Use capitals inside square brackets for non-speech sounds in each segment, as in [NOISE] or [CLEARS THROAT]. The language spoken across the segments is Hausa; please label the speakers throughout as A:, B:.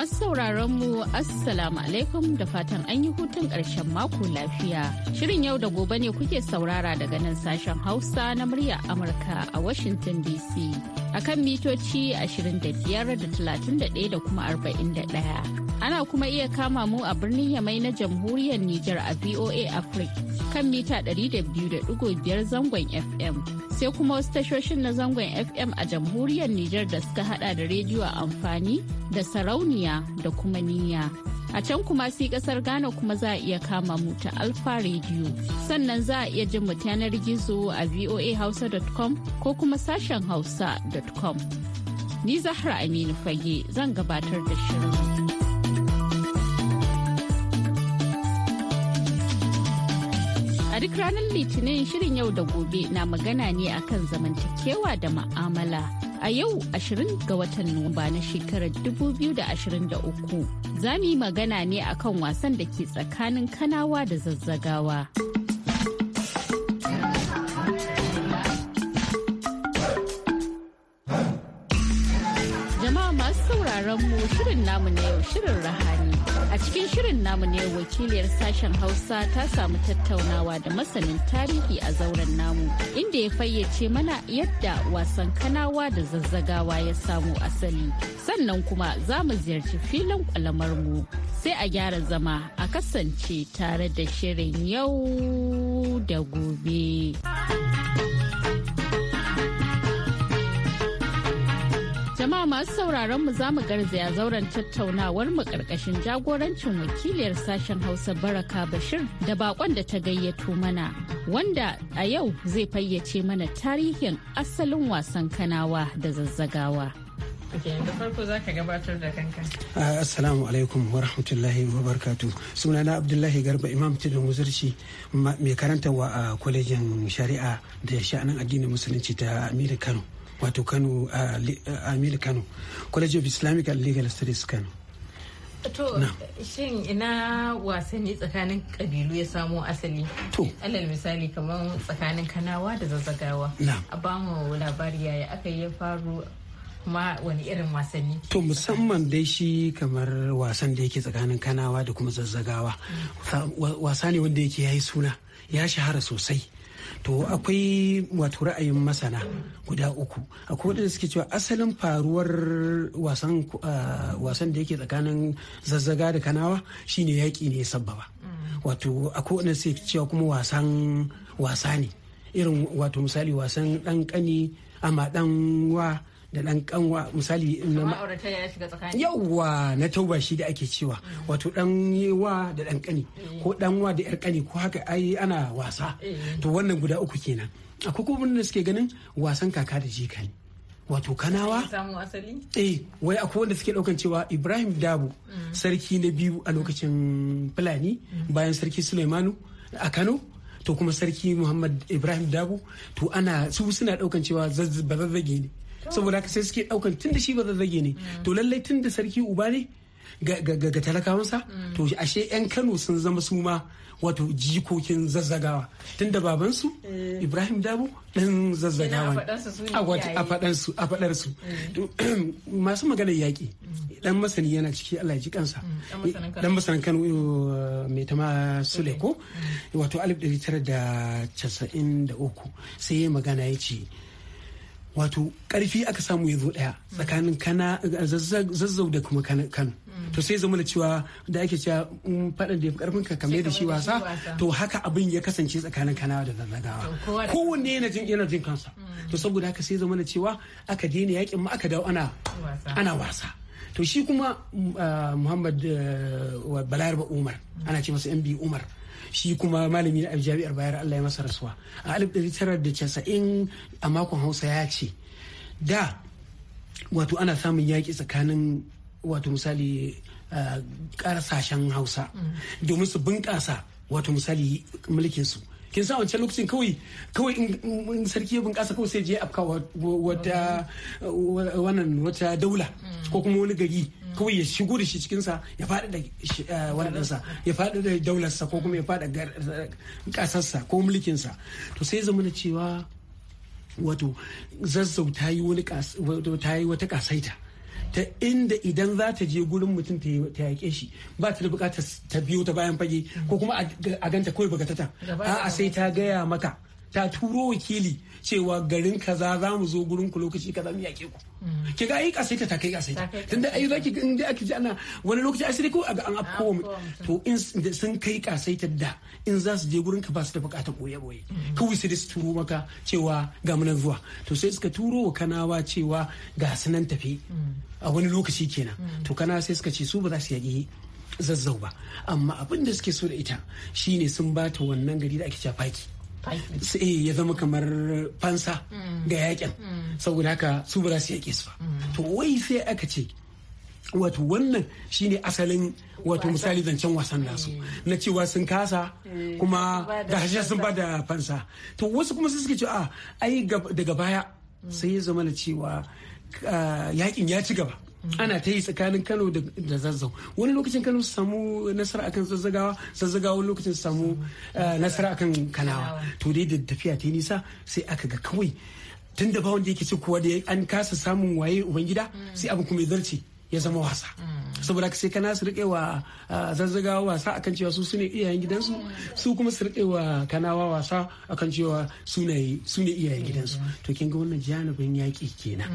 A: Masu sauraron mu Assalamu alaikum da fatan an yi hutun ƙarshen mako lafiya. Shirin yau da gobe ne kuke saurara daga nan sashen Hausa na murya Amurka a Washington DC. akan mitoci 25 da da kuma 41. Ana kuma iya kama mu a birnin Yamai na jamhuriyar Nijar a VOA Africa kan mita 200.5 zangon FM. Sai kuma wasu tashoshin na zangon FM a jamhuriyar Nijar da suka hada da rediyo amfani da sarauniya da kuma niyya. A can kuma si kasar Ghana kuma za a iya kama mu ta Alfa Radio. Sannan za a iya jin mu yanar gizo a voahausa.com ko kuma sashen hausa.com. Ni Zahra Aminu Fage zan gabatar da shirin. A duk ranar Litinin shirin yau da gobe na magana ne akan zamantakewa da ma'amala. A yau 20 ga watan Nuwamba na shekarar 2023 za mu yi magana ne a kan wasan da ke tsakanin kanawa da zazzagawa. Jama'a masu sauraron mu shirin namu na yau shirin rahani. A cikin shirin namu ne wakiliyar sashen Hausa ta samu tattaunawa da masanin tarihi a zauren namu inda ya fayyace mana yadda wasan kanawa da zazzagawa ya samu asali. Sannan kuma za mu ziyarci filin kwalamar mu sai a gyara zama a kasance tare da shirin yau da gobe. Jama'a masu sauraron mu zamu garzaya zauren tattaunawar mu karkashin jagorancin wakiliyar sashen Hausa Baraka Bashir da bakon da ta gayyato mana wanda a yau zai fayyace mana tarihin asalin wasan kanawa da zazzagawa. da farko za ka gabatar da kanka.
B: Ah, assalamu alaikum wa rahmatullahi wa barkatu. Sunana Abdullahi Garba Imam Tudun Wuzurci mai karantarwa a kwalejin shari'a da sha'anin addinin musulunci ta amir Kano. wato kano amil kano college of islamic and legal studies kano
A: to shin ina wasanni tsakanin kabilu ya samo asali to alal misali kamar tsakanin kanawa da zazzagawa a bamu labari yaya aka yi faru kuma wani irin wasanni
B: to musamman dai shi kamar wasan da yake tsakanin kanawa da kuma zazzagawa mm. wasa ne wanda yake ya yi suna ya shahara sosai to akwai wato ra'ayin masana guda uku akwai wadanda suke cewa asalin faruwar wasan da yake tsakanin zazzaga da kanawa shine yaƙi ne sabbaba wato akwai wadanda suke cewa kuma wasan wasa ne irin wato misali wasan ɗan ƙani amma ɗan wa da dan kanwa misali yauwa na tauba shi da ake cewa mm. wato dan wa da dan kani mm. ko dan wa da yar kani ko haka ai ana wasa mm. to wannan guda uku kenan akwai kuma da suke ganin wasan kaka da jika ne wato kanawa eh wai akwai wanda suke daukan cewa ibrahim dabu sarki na biyu a lokacin fulani bayan sarki suleimanu a kano to kuma sarki muhammad ibrahim dabu to ana su suna daukan cewa ba zazzage ne saboda haka sai suke daukan tun da shi ba zazzage ne to lallai tun da sarki uba ne ga talakawansa to ashe 'yan kano sun zama su ma wato jikokin zazzagawa tunda babansu eh. ibrahim dabo dan zazzagawa a faɗansu a mm. [CLEARS THROAT] masu maganar yaƙi dan masani yana ciki allah ji kansa dan mm, masanin kano uh, mai tama sule ko mm. wato 1993 sai magana ya ce wato karfi aka samu ya zo daya tsakanin kana zazzau da kuma kano mm. to sai zama da cewa da ake cewa faɗin da karfin ka kame da shi wasa to haka abin ya kasance tsakanin kana da zazzagawa kowanne yana jin yana jin kansa mm. to saboda haka sai zama da cewa aka daina yakin ma aka dawo ana ana wasa to shi kuma uh, muhammad uh, balarba umar mm. ana ce masa mb umar shi kuma malami na jami'ar bayar Allah ya masa rasuwa a 1990 a makon hausa ya ce da wato ana samun yaƙi tsakanin wato misali ƙasashen hausa domin su bunƙasa wato misali mulkin su kin sa wancan lokacin kawai kawai in sarki ya bunƙasa kawai sai je afka wata wannan wata daula ko kuma wani gari kawai ya shigo da shi cikinsa ya faɗi da eh, wannan sa ya faɗi da daularsa ko kuma ya faɗi ƙasarsa ko mulkinsa to sai zama na cewa wato zazzau ta yi wani wata ƙasaita ta inda idan za ta je gurin mutum ta yaƙe shi ba ta da bukatar ta biyo ta bayan fage ko kuma a ganta kawai bagatata a'a sai ta gaya maka ta turo wakili cewa garin kaza za mu zo gurin ku lokaci kaza mu yake ku mm. ki ga ai kasaita ta kai kasaita tunda ai zaki in dai a ji ana wani lokaci asiri ko ga an afko to in sun kai kasaita da in za su je gurin ka ba su da bukatar boye boye mm. kawai sai su turo maka cewa ga mu zuwa to sai suka turo wa kanawa cewa ga su nan tafi mm. a wani lokaci kenan to kana sai suka ce su ba za su yaƙi zazzau ba amma abin da suke so da ita Shi ne sun bata wannan gari da ake cafaki sai eh, ya zama kamar fansa mm. ga yakin mm. saboda haka su ba za su yake su ba mm. to wai sai aka ce wato wannan shine asalin wato misali zancen wasan nasu na cewa sun kasa eh, kuma da hashe sun ba da fansa to wasu kuma suke cewa ah, ai daga baya sai ya zama na cewa ah, yakin ya ci gaba ana ta yi tsakanin kano da zazzau wani lokacin kano su samu nasara akan zazzagawa zazzagawa wani lokacin su samu eh, nasara akan kanawa to dai da tafiya ta nisa sai aka ga kawai tun da ba wanda yake ci kuwa da an kasa samun waye ubangida mm. sai abu kuma ya zarce ya zama wasa mm. saboda sai kana su rike wa zazzaga wasa akan cewa su sune iyayen gidansu su kuma su riƙe wa kanawa wasa akan cewa su ne iyayen gidansu to kin ga wannan janibin yaƙi kenan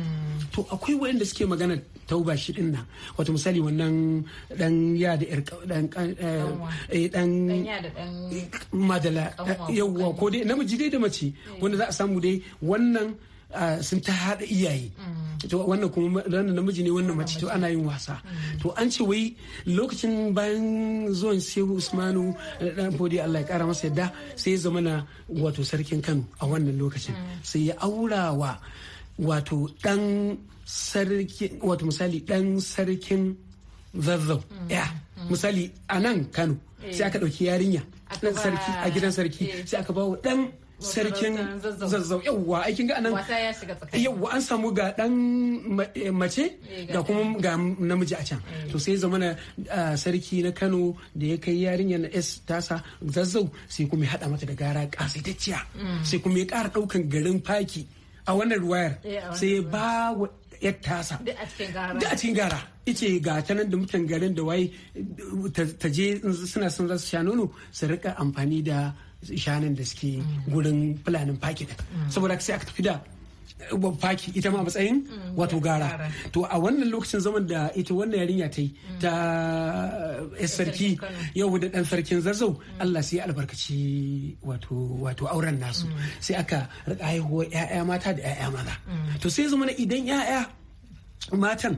B: to akwai waɗanda suke magana tauba shi din nan wato misali wannan dan ya da yar dan dan madala yawwa ko dai namiji dai da mace eh. wanda za a samu dai wannan sun ta haɗa iyaye to wannan kuma wannan namiji ne wannan mace to ana yin wasa to an ce wai lokacin bayan zuwan Shehu Usmanu dan fodi Allah ya kara masa yadda sai ya zama na wato sarkin Kano a wannan lokacin sai ya aurawa wato dan sarki wato misali dan sarkin zazzau ya misali a nan Kano sai aka ɗauki yarinya sarki a gidan sarki eh. sai aka bawa dan sarkin zazzau yawwa aikin ga anan yawwa an samu ga dan eh, mace eh, ga kuma ga namiji a can to sai zama na sarki na Kano da ya kai yarinyar na S tasa zazzau sai kuma ya hada mata da gara kasaitacciya mm. sai kuma ya kara daukan garin faki a wannan ruwayar sai ya ba wa yar tasa a cikin gara ice ga ta nan da mutan garin da wai ta je suna son za su sha nono su rika amfani da shanun da suke gurin fulanin fakitin mm. saboda sai aka tafi da faki ita ma matsayin mm, wato gara to a wannan lokacin zaman da ita wannan yarinya ta yi mm. ta eh, sarki yau da dan sarkin zazzau mm. Allah sai albarkaci wato wato auren nasu sai aka rika haihuwa ya'ya mata da ya'ya maza to sai zama idan ya'ya matan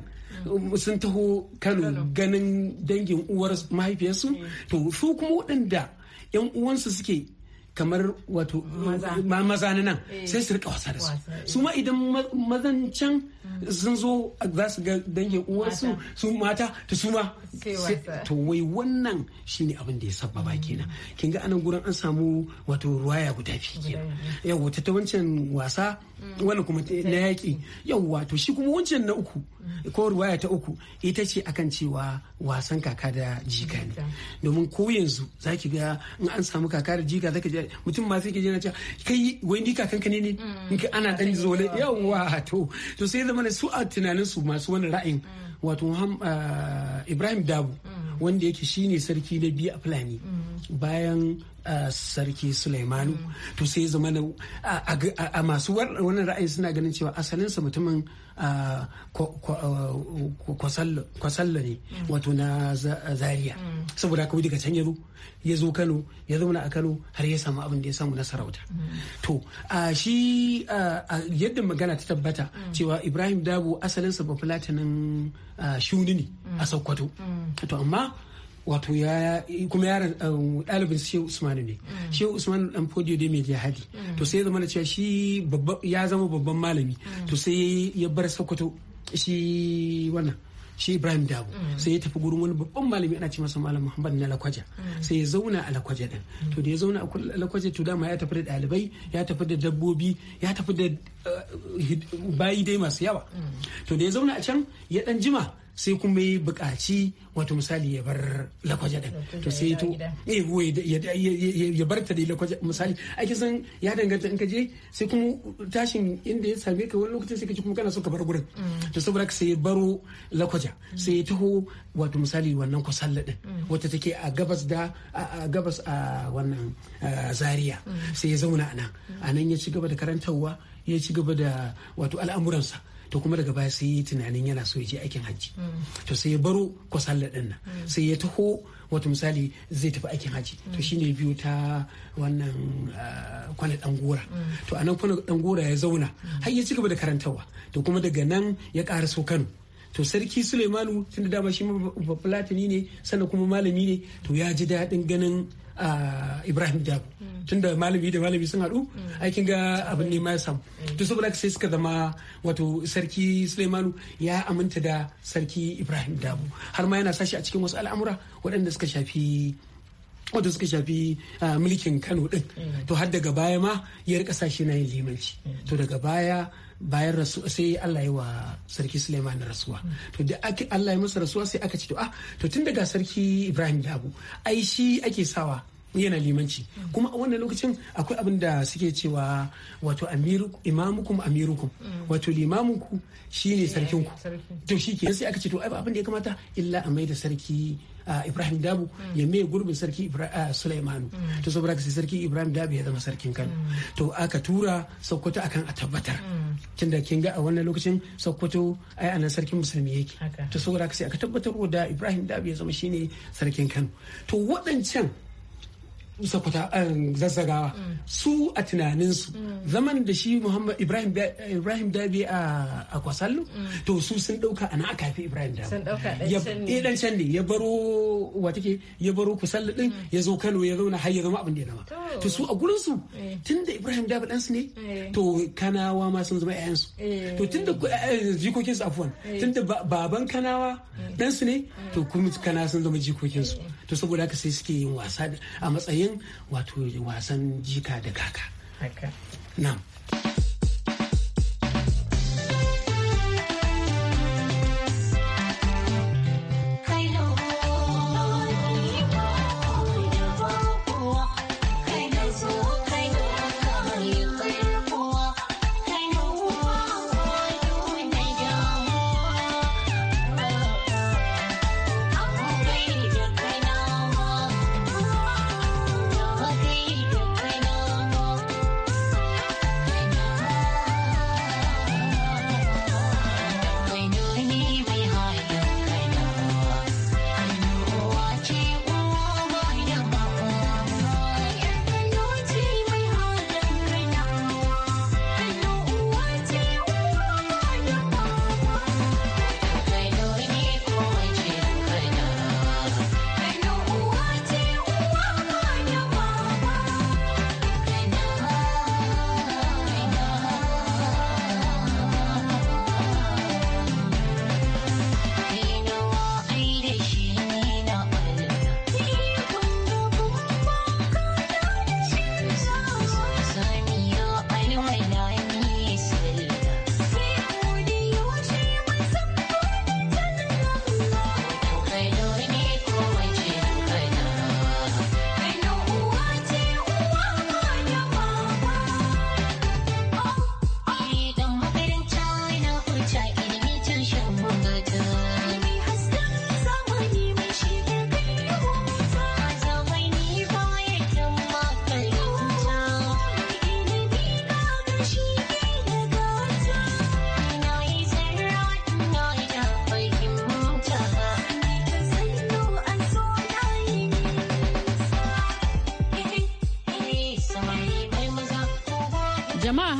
B: um, sun taho Kano ganin dangin uwar mahaifiyarsu eh. to su kuma waɗanda 'yan uwansu suke kamar wato maza na nan eh. sai su rika wasa da su su ma idan mazan can hmm. sun zo za su ga dangin uwarsu su mata ta su ma to wai wannan shine abin da ya sababa kenan hmm. kin ga anan gurin an samu wato ruwaya guda biyu kenan wata ta wancan wasa hmm. wani kuma na yaƙi yau wato shi kuma wancan na uku ko ruwaya ta uku ita ce akan cewa wasan kaka da jika ne domin ko yanzu zaki ga in an samu kaka da jika zaka ji mutum ma sai ke jira cewa kai wai ni kakanka ne ne mm. in ana dan zole yawa to to sai zama su a tunanin su masu wani ra'ayin mm. wato ah, Ibrahim Dabu mm. wanda yake shine sarki na biyu a Fulani bayan ah, sarki Sulaimanu to sai zama a masu wannan ra'ayin suna ganin cewa asalinsa mutumin kwasallo ne mm. wato na Zariya mm. saboda haka daga can ya zo ya zo kano ya zauna a kano har ya samu abin da ya samu na sarauta mm. to a shi yadda magana ta tabbata cewa ibrahim dabo asalinsa ba fulatinin shuni ne a sokoto to amma wato ya kuma yaran um, ɗalibin shehu usmanu ne mm. shehu usman dan fodiyo dai mai jihadi mm. to sai ya zama cewa shi ya zama babban malami mm. to sai ya bar sokoto shi wannan shi ibrahim Dabu. sai ya tafi gurin wani babban malami ana ce masa malam muhammad na lakwaja sai ya zauna a lakwaja din to da ya zauna a lakwaja to dama ya tafi da ɗalibai ya tafi da dabbobi ya tafi da uh, bayi dai masu yawa to da ya zauna a can ya dan jima sai kuma ya buƙaci wato misali ya bar lakwaje din to sai to eh, ya bar ta da lakwaje misali ake san ya danganta in ka je sai kuma tashin inda ya same ka wani lokacin sai ka ji kuma kana so ka bar gurin mm. to saboda ka sai baro lakwaje. sai ya taho wato misali wannan kwasalla ɗin mm. wata take a gabas da a gabas a wannan zaria mm. sai ya zauna a nan a ya ci gaba da karantarwa ya ci gaba da wato al'amuransa to kuma daga baya sai tunanin yana so ya je aikin hajji mm. to sai ya baro ko din nan mm. sai ya taho wato misali zai tafi aikin hajji mm. to shine biyu ta wannan ah, kwana dan gora to anan kwana dan gora ya zauna har ya cigaba da karantarwa to kuma daga nan ya so Kano to sarki suleimanu tun dama shi bafulatani ne sannan kuma malami ne to ya ji daɗin ganin ibrahim jabu hmm. tunda malami da malami sun haɗu hmm. aikin ga abin ne ya samu to hmm. saboda sai suka zama wato sarki suleimanu ya aminta da sarki ibrahim dabu har ma yana sashi a cikin wasu al'amura waɗanda suka shafi wato suka shafi mulkin kano ɗin to har daga baya ma ya rika sashi na yin limanci to daga baya bayan rasu sai Allah ya wa sarki Suleiman rasuwa to da ake Allah ya masa rasuwa sai aka ce to ah to tun daga sarki Ibrahim Dabo ai shi ake sawa yana limanci kuma a wannan lokacin akwai abin da suke cewa wato imamukum amirukum mm. wato ku shine sarkinku to shi ke sai aka ce to ai abin da ya kamata illa a da sarki Ibrahim Dabu ya mai gurbin sarki Sulaimanu mm. to saboda sai sarki Ibrahim Dabu ya zama sarkin Kano mm. to aka tura Sokoto akan a tabbatar
C: mm.
B: tunda kin ga a wannan lokacin Sokoto ai anan sarkin musulmi yake to saboda sai aka tabbatar da Ibrahim Dabu ya zama shine sarkin Kano to waɗancan sakwata eh, zazzagawa mm. su a tunaninsu mm. zaman da shi muhammad ibrahim eh, ibrahim dabi a kwasallu mm. to su sun dauka ana aka fi ibrahim dabi sun dauka dan can ne ya baro wata ke ya baro kusallu din ya zo kano ya zauna har ya zama abin da ya zama to su a gurin su eh. tunda ibrahim dabi dan su ne to kanawa ma sun zama ƴaƴan su to tunda jikokin su afwan tunda baban kanawa dan su ne to kuma kana sun zama jikokin su to saboda haka sai suke yin wasa a matsayin wato wasan jika da kaka Na.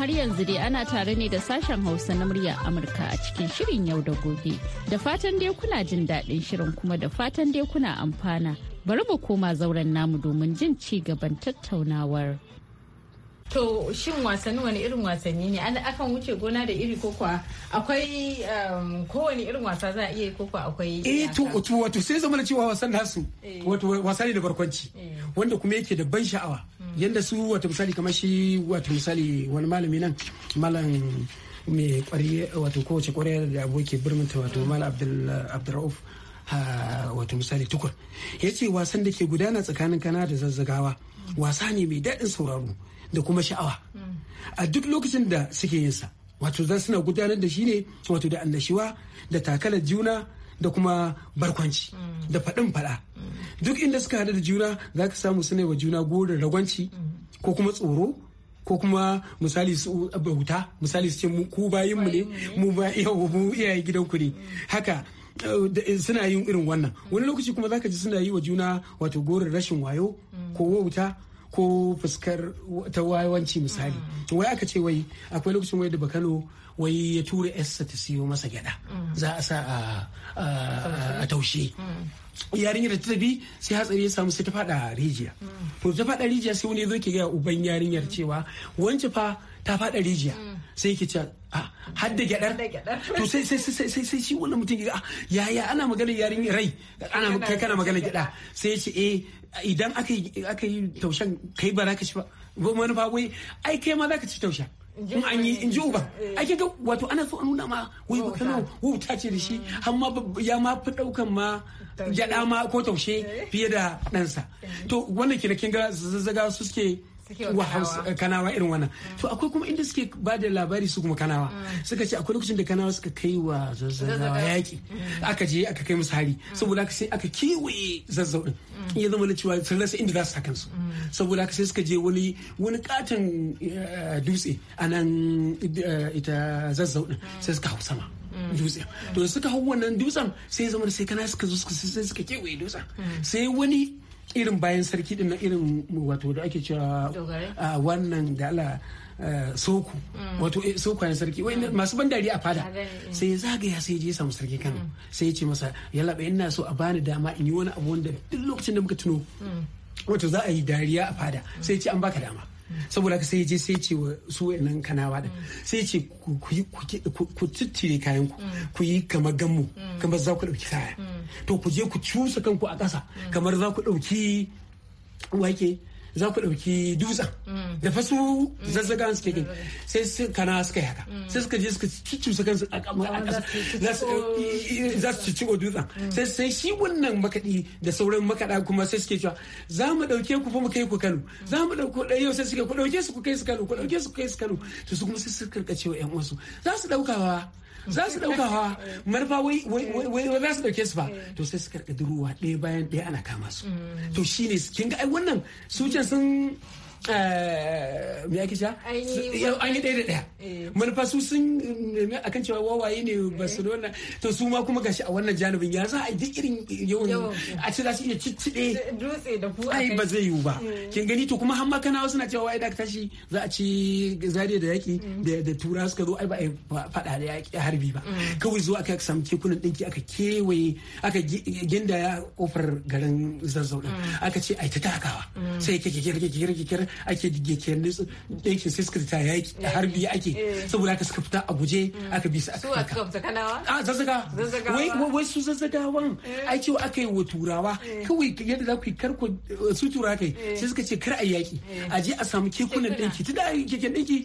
A: har yanzu dai ana tare ne da sashen Hausa na murya Amurka a cikin shirin yau da gobe. Da fatan dai kuna jin daɗin shirin kuma da fatan dai kuna amfana. Bari mu koma zauren namu domin jin ci gaban tattaunawar. To shin wasanni wani irin wasanni ne? An akan wuce gona da iri ko kuwa akwai um, kowane irin wasa za a iya ko kuwa akwai Eh to
B: wato sai zama cewa wasan nasu eh. wato wasa ne da barkwanci eh. wanda kuma yake da ban sha'awa hmm. yanda su wato misali kamar shi wato misali wani malami nan malam mai kwariye wato kowace kwariya da aboki birnin ta wato malam Abdul wato misali tukur ya ce wasan da ke gudana tsakanin kana da zazzagawa hmm. wasa ne mai daɗin sauraro da kuma sha'awa a duk lokacin da suke yinsa wato za suna gudanar da shi ne wato da annashuwa da takalar juna da kuma barkwanci da faɗin faɗa duk inda suka haɗu da juna za ka samu suna wa juna gorin ragwanci ko kuma tsoro ko kuma misali su bauta misali su ce ku bayin mu ne mu ba mu iyaye gidanku ne haka eh, eh, suna yin irin wannan wani lokaci kuma za ka ji suna yi wa juna wato gorin rashin wayo ko wauta ko fuskar ta wayawanci misali mm. wai aka ce wai akwai lokacin wai da bakano wai ya tura yarsa ta siyo masa gyada mm. za a sa a taushe mm. yarinyar ta tafi sai hatsari ya samu sai ta fada rijiya to ta fada rijiya sai wani ya zo ke ga uban yarinyar cewa wance fa ta fada rijiya sai yake ce a ah, har da gyadar to sai sai sai sai sai shi wannan mutum ya ah, yaya ana magana yarinyar rai ana kai kana magana gyada sai ya ce eh idan aka yi taushen kai ba za ka ci ba manufa fa wai ai kai ma za ka ci taushen an yi in ji uba eh. ai kaga wato ana so a nuna ma wai ba kano wuta ce da shi amma ya ma fi daukan ma gyada ma ko taushe eh. fiye da ɗansa eh. to wannan kina kin ga zazzaga su suke wa hausa kanawa irin wannan to akwai kuma inda suke ba da labari su kuma kanawa mm. suka ce akwai lokacin da kanawa suka kai wa zazzawa yaƙi mm. aka je aka kai musu hari mm. saboda haka sai aka kiwaye zazzau din ya zama na cewa sun rasa inda za su sakan su saboda haka sai suka je wani wani katon eh, dutse a nan eh, ita zazzau din sai suka hau sama dutse to suka hau wannan dutsen sai zama sai kana suka zo suka sai suka kewaye dutsen sai wani irin bayan sarki din na irin wato da ake cewa a ah, wannan da ala ah, soku mm. wato eh, soku na sarki mm. masu ban dariya a fada eh. sai ya zagaya sai je samu sarki kano mm. sai ya ce masa yalla ina so a bani dama in yi wani abu wanda duk lokacin da muka tuno wato za a yi dariya a fada sai ya ce an baka dama saboda ka sai je sai ce wa su wayannan kanawa da sai ce ku ciccire kayan ku ku yi kamar gammu kamar za ku dauki kaya to ku je ku cusa kanku a ƙasa kamar za ku dauki wake za ku ɗauki dutsen mm. da fasu zazzagan suke gani mm. sai kana suka yaka mm. sai suka je suka cicusa kansu a ƙasa za su cicciɓo dutsen sai sai shi wannan makaɗi da sauran makaɗa kuma sai suke cewa za mu ɗauke ku fa mu kai ku Kano za mu ɗauko ɗaya yau sai suke ku ɗauke su ku kai su Kano ku ɗauke su ku kai su Kano to su kuma sai suka karkace wa ƴan uwansu za su ɗaukawa za su dauka fa manufa wai wai za su dauke su fa to sai su karɓi duruwa ɗaya bayan ɗaya ana kama su mm. to shine kin ga ai wannan su sun Eh, me ake sha? an yi ɗaya da ɗaya eh. sun akan cewa wawaye ne barcelona to su ma kuma gashi a wannan janibin ya za a duk irin yawan a ce za su iya cicciɗe eh, dutse ai ba zai yiwu ba kin gani to kuma har makana suna cewa wai da tashi za a ci zariya da yaki mm. da tura suka zo ai ba faɗa da yaki harbi ba mm. kawai zo aka samu kekunan ɗinki aka kewaye aka gindaya kofar garin zazzau mm. aka ce ai ta takawa sai ake yake sai suka ta yaki harbi ake eh, eh. saboda aka suka fita a guje mm. aka bi su aka kaka a zazzaga wai wai su zazzagawan eh. ai cewa aka yi wa turawa kawai yadda za ku yi karko su tura kai sai suka ce kar a yaki a je a samu kekunan ɗinki tunda keken ɗinki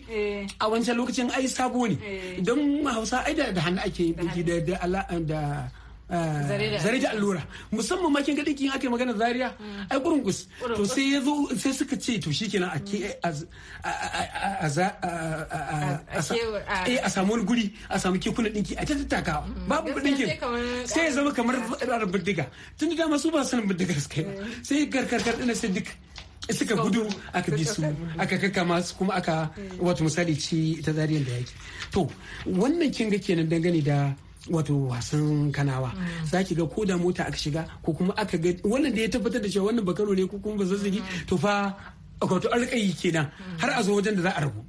B: a wancan lokacin ai sabo ne don hausa ai da hannu ake ɗinki da da Eh, zare da allura musamman ma kin ga kin aka magana zaria mm. ai kurungus to sai ya zo sai suka ce to shikenan a ke a samu wani guri a samu kekuna dinki a ta ka mm. babu dinkin sai ya zama kamar rarar bindiga tun da dama su ba sanin bindiga suka yi eh. sai garkarkar ɗin sai duk suka gudu aka bi su aka kaka masu kuma aka eh. wato misali ce ta zariyar da yake to wannan kinga kenan dangane da wato wasan kanawa mm. za ki ga ko da mota aka shiga ko kuma aka ga wannan da ya tabbatar da cewa wannan bakaro ne ko kuma ba zazzagi mm. to fa wato alƙayi kenan mm. har a zo wajen da za a rabu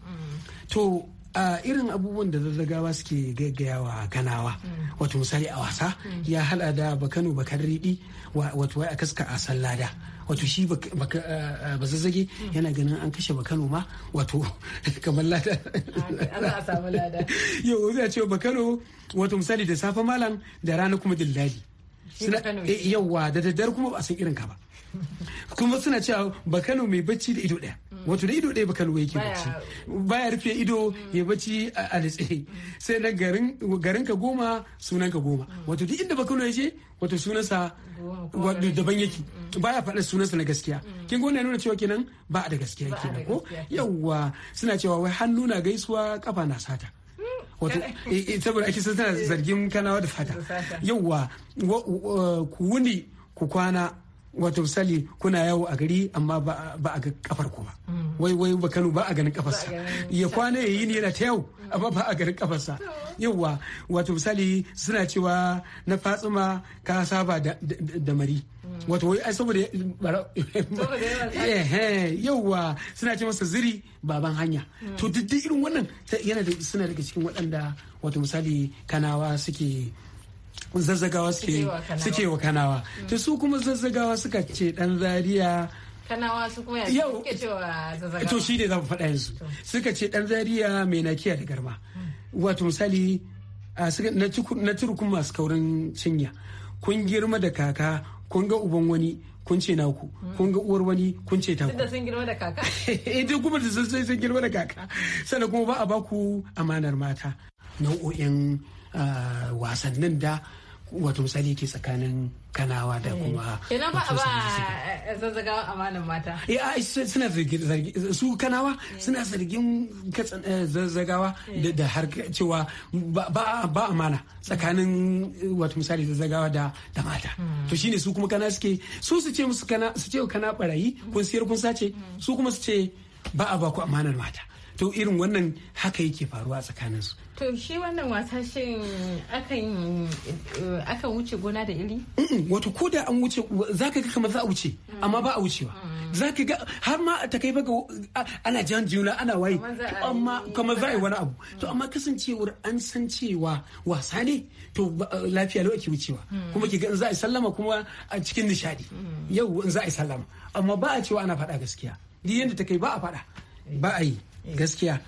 B: to a irin abubuwan da zazzagawa suke gaggayawa kanawa wato misali a wasa ya hada da bakano bakar riɗi wato wai a kaska a sallada wato shi eh, eh, bazazzage yana ganin an kashe bakano ma wato [LAUGHS] kamar lada [LAUGHS] yau zai ce bakano wato misali da safe malam da rana kuma dillali eh, yauwa da daddare kuma ba san irin ka ba kuma suna cewa bakano mai bacci da ido daya wato da ido ɗaya baka lura yake bacci baya rufe ido ya bacci a nitse sai na garin ka goma sunan ka goma wato duk inda baka lura je wato sunansa daban yake mm. baya faɗa sunansa na gaskiya mm. kin gona nuna cewa kenan ba da gaskiya kenan ko yawwa suna cewa wai hannu na gaisuwa kafa na sata mm.
A: wato eh, eh, saboda ake tana
B: zargin kanawa da fata yawwa ku wuni ku kwana wato misali kuna yawo a gari amma ba a ga kafar ku ba wai wai ba kano ba a ganin kafarsa ya kwana ya yi ne yana ta yau amma ba a ganin kafarsa yauwa wato misali suna cewa na Fatsuma ka saba da mari wato wai ai saboda eh, eh, yauwa suna ce masa ziri baban hanya to duk irin wannan yana da suna daga cikin waɗanda wato misali kanawa suke zazzagawa suke wa kanawa ta mm. su kuma zazzagawa suka ce dan zaria
A: kanawa su kuma zazzagawa. to shi
B: ne za mu faɗa yanzu suka ce dan zaria mai nakiya da garma mm. wato misali na turkun masu kaurin cinya kun girma da kaka kun ga uban wani kun ce naku mm. kun ga uwar wani kun ce taku da sun girma da kaka [LAUGHS] kuma da sun sun girma da kaka sannan kuma ba a baku amanar mata nau'o'in ah, wasannin da wato misali ke tsakanin kanawa da kuma kenan eh, ba a ba
C: zazzagawa amanan mata
B: ya eh, eh. suna zargin su kanawa suna zargin zazzagawa da har cewa ba amana tsakanin wato misali zazzagawa da mata hmm. to shine su kuma kana suke su su ce musu kana su ce kana barayi kun siyar kun sace hmm. su kuma su ce ba a ba ku amanar mata to irin wannan haka yake faruwa tsakaninsu
A: to shi wannan wasa shin akan wuce gona da iri
B: wato ko da an wuce za ka ga kamar za a wuce amma ba a wucewa mm. za ka ga har ma ta kai ga ana jan juna ana waye amma kamar za a yi wani abu to amma kasancewar an san cewa wasa ne to eh, lafiya lau ake wucewa mm. kuma ki ga in za a yi sallama kuma a cikin nishadi mm. yau in za a yi sallama amma ba a cewa ana faɗa gaskiya Ni yadda ta kai ba a faɗa ba a yi gaskiya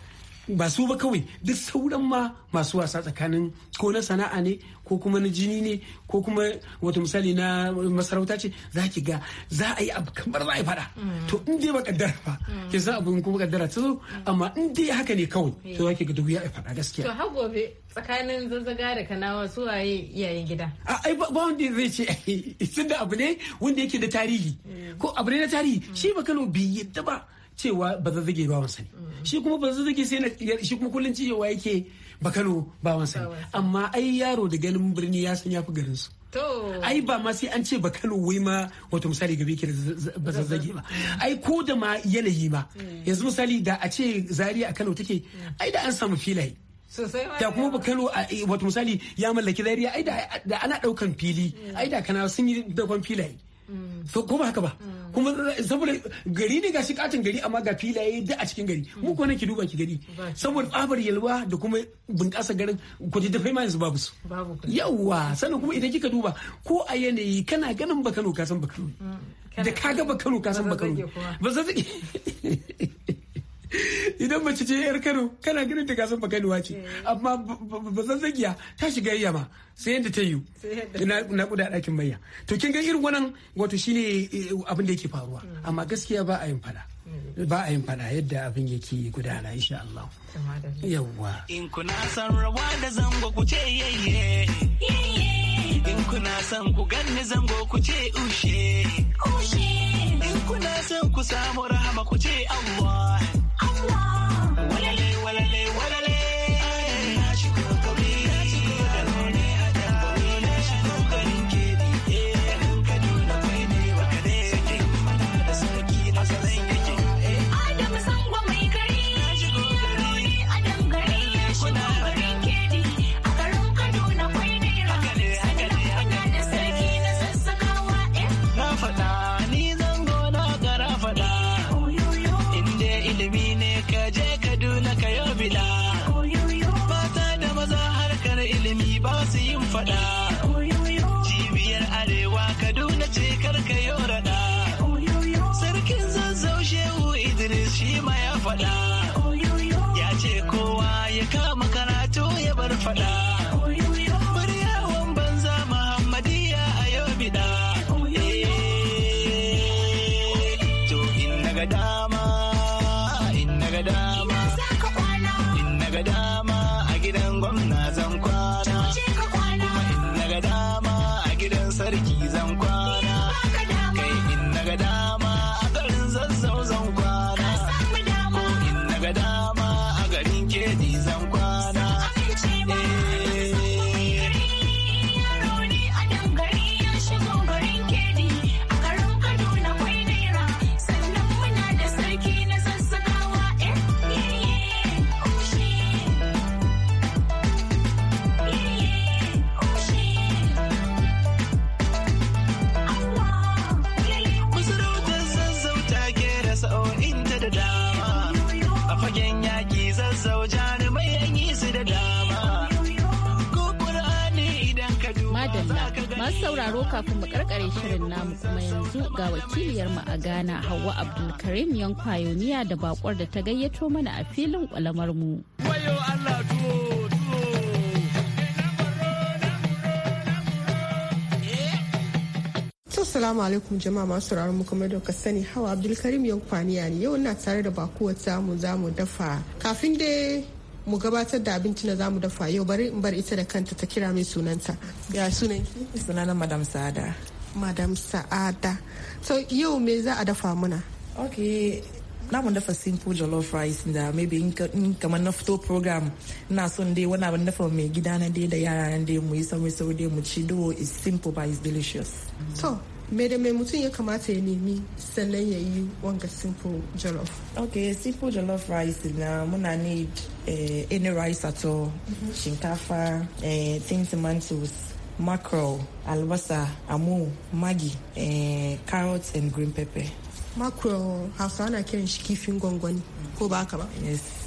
B: ba su ba kawai duk sauran ma masu wasa tsakanin ko na sana'a ne ko kuma na jini ne ko kuma wata misali na masarauta ce za ki ga za a yi abu kamar za a yi fada mm. to in dai baka kaddara ba mm. ke san abu kuma kaddara ta zo mm. amma in dai haka ne kawai to za ki ga duk ya yi fada gaskiya to
A: har gobe tsakanin zazzaga da kanawa su waye iyayen gida
B: a ai ba wanda zai ce [LAUGHS] tunda abu ne wanda yake da tarihi ko abu ne na tarihi shi ba kano bi yadda ba cewa ba zazzage ba wansa ne mm. shi kuma ba zazzage sai na shi kuma kullun cewa yake ba Kano ba wansa ne amma ai yaro da ganin birni ya san yafi garin su ai ba ma sai an ce ba Kano wai ma wato misali gabe ke ba zazzage ba ai ko da ma yanayi ma mm. yanzu misali da a ce zari a Kano take mm. ai da an samu filaye da kuma ba kano wato misali ya mallaki zari ai da ana daukan fili ai da kana sun yi daukan filaye Mm. so ko ba haka ba mm. kuma saboda gari ne ga gashi katin gari amma ga filaye da a cikin gari mu mm. ko ki duba ki gari saboda tsabar yalwa da kuma bunƙasa garin ku ji dafai ma yanzu babu su yawa sannan kuma idan kika duba ko a yanayi kana ganin ba Kano ka san da kaga ka san ba ba [LAUGHS] idan mace ce yar kano kana ganin ta ba bakanuwa ce eh. amma ba san zagiya ta shiga yayya ma sai yadda ta yi na kuda dakin bayya to kin ga irin wannan wato shine eh, abin da yake faruwa mm. amma gaskiya ba a yin fada mm. ba a yin fada yadda abin yake gudana insha Allah yawa
C: in kuna san rawa da zango ku ce yayye in kuna san ku ganni zango ku ce ushe ushe in kuna san ku samu rahama ku ce Allah
A: wakiliyar mu a Ghana Hauwa Abdulkarim Yankwayoniya da bakwar da ta gayyato mana a filin kwalamar mu. Assalamu alaikum jama'a masu
D: mu kamar da sani hawa Abdulkarim Yankwaniya ne yau na tare da mu za mu dafa kafin dai mu gabatar da abinci na zamu dafa yau bari in bar ita da kanta ta kira mai sunanta ya sunanki sunana madam sada madam sa'ada so yau me za a dafa muna okay na mun dafa simple jollof rice da maybe in kamar na fito program na son dai wani abin dafa mai gida na dai da yara na dai mu yi sauri sauri dai mu ci do is simple but is delicious so me da mai mutum ya kamata ya nemi sannan ya yi wanga simple jollof ok simple jollof rice uh, na muna need uh, any rice at all mm -hmm. shinkafa eh, uh, thin tomatoes mackerel albasa amu magi eh, carrots and green pepper mackerel hausa ana kiran shi kifin gwangwani ko ba haka ba yes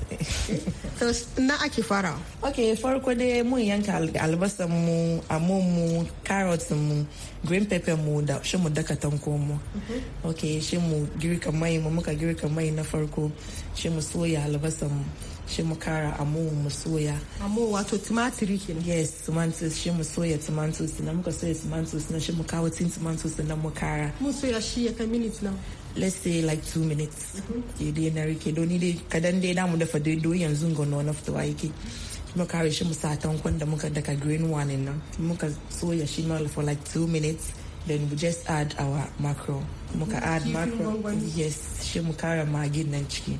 D: [LAUGHS] na ake fara ok farko dai mun yanka albasa mu amu mu carrots mu green pepper mu da shi mu daka tanko mu ok shi mu girka mai mu muka girka mai na farko shi mu soya albasa mu shi mu kara amu mu soya amu wato tumatiri kenan yes tomatoes shi mu soya tomatoes na muka soya tomatoes na shi mu kawo tin tomatoes na mu kara mu soya shi ya kai minutes na let's say like two minutes mhm. ke dai na rike doni dai kadan dai namu dafa dai do yanzu ga na fitowa yake mu kare shi mu sa tankon da muka daka green one nan muka soya shi for like two minutes then we just add our mackerel muka add mackerel yes shi mu kara magin nan ciki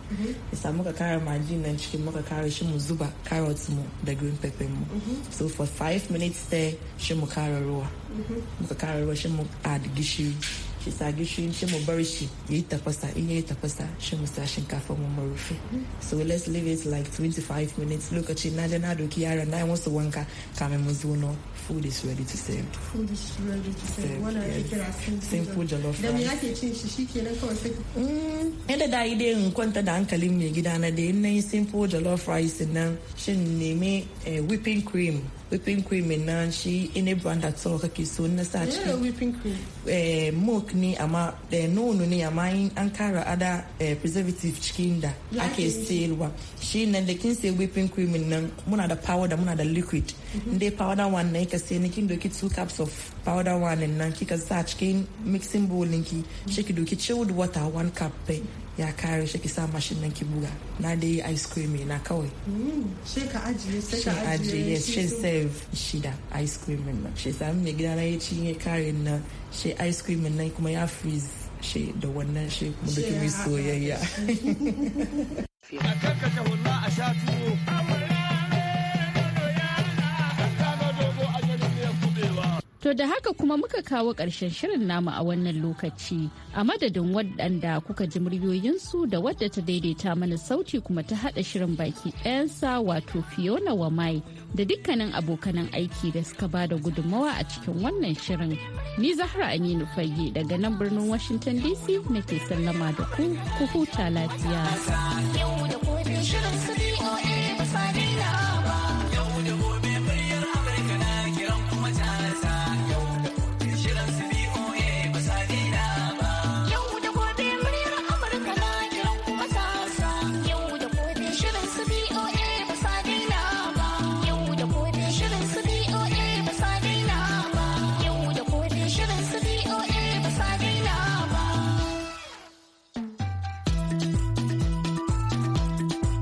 D: isa mhm. muka kara magin nan ciki muka kara shi mu zuba carrots mu da green pepper mu mhm. so for five minutes there shi mu kara ruwa mhm. muka kara ruwa shi mu add gishiri shi sa gishirin shi mu bar shi yayi tafasa in yayi tafasa shi mu sa shinkafa mu mu rufe so let's leave it like 25 minutes lokaci na da na doki yaran na yi musu wanka kamin mu zo food is ready to serve food is ready to serve wannan ake kira simple jollof rice da me ake cin shi shikenan kawai sai mm, yadda da yi dai in kwanta da hankalin mai gida na da yin simple jollof rice nan shin neme eh, whipping cream whipping cream nan shi ina brand a all kake so na sa ciki whipping cream eh, milk ne amma eh, nono ne amma an kara ada eh, preservative cikin da ake sayarwa shi nan da kin say whipping cream nan muna da powder muna da liquid mm-hmm. dai powder one na kika sai kin doki two cups of powder one nan kika sa cikin mixing bowl mm-hmm. ki shi ki doki chilled water one cup eh. ya kare shi ki sa mashin nan ki buga na da yi ice cream na kawai mm, shi ka ajiye sai ka ajiye shi she save shida ice cream nan shi sami mai gida na ya ci ne kare na she ice cream nan kuma ya freeze she da wannan she kuma da kuma soyayya
C: [LAUGHS] a kankata wallah a sha tuwo
A: To da haka kuma muka kawo ƙarshen shirin namu a wannan lokaci a madadin waɗanda kuka ji muryoyinsu da wadda ta daidaita mana sauti kuma ta haɗa shirin baki ɗayansa wato Fiona Wamai da dukkanin abokanan aiki da suka ba da gudummawa a cikin wannan shirin. Ni Zahra Aminu Fage daga nan birnin Washington DC nake sallama da ku ku huta lafiya.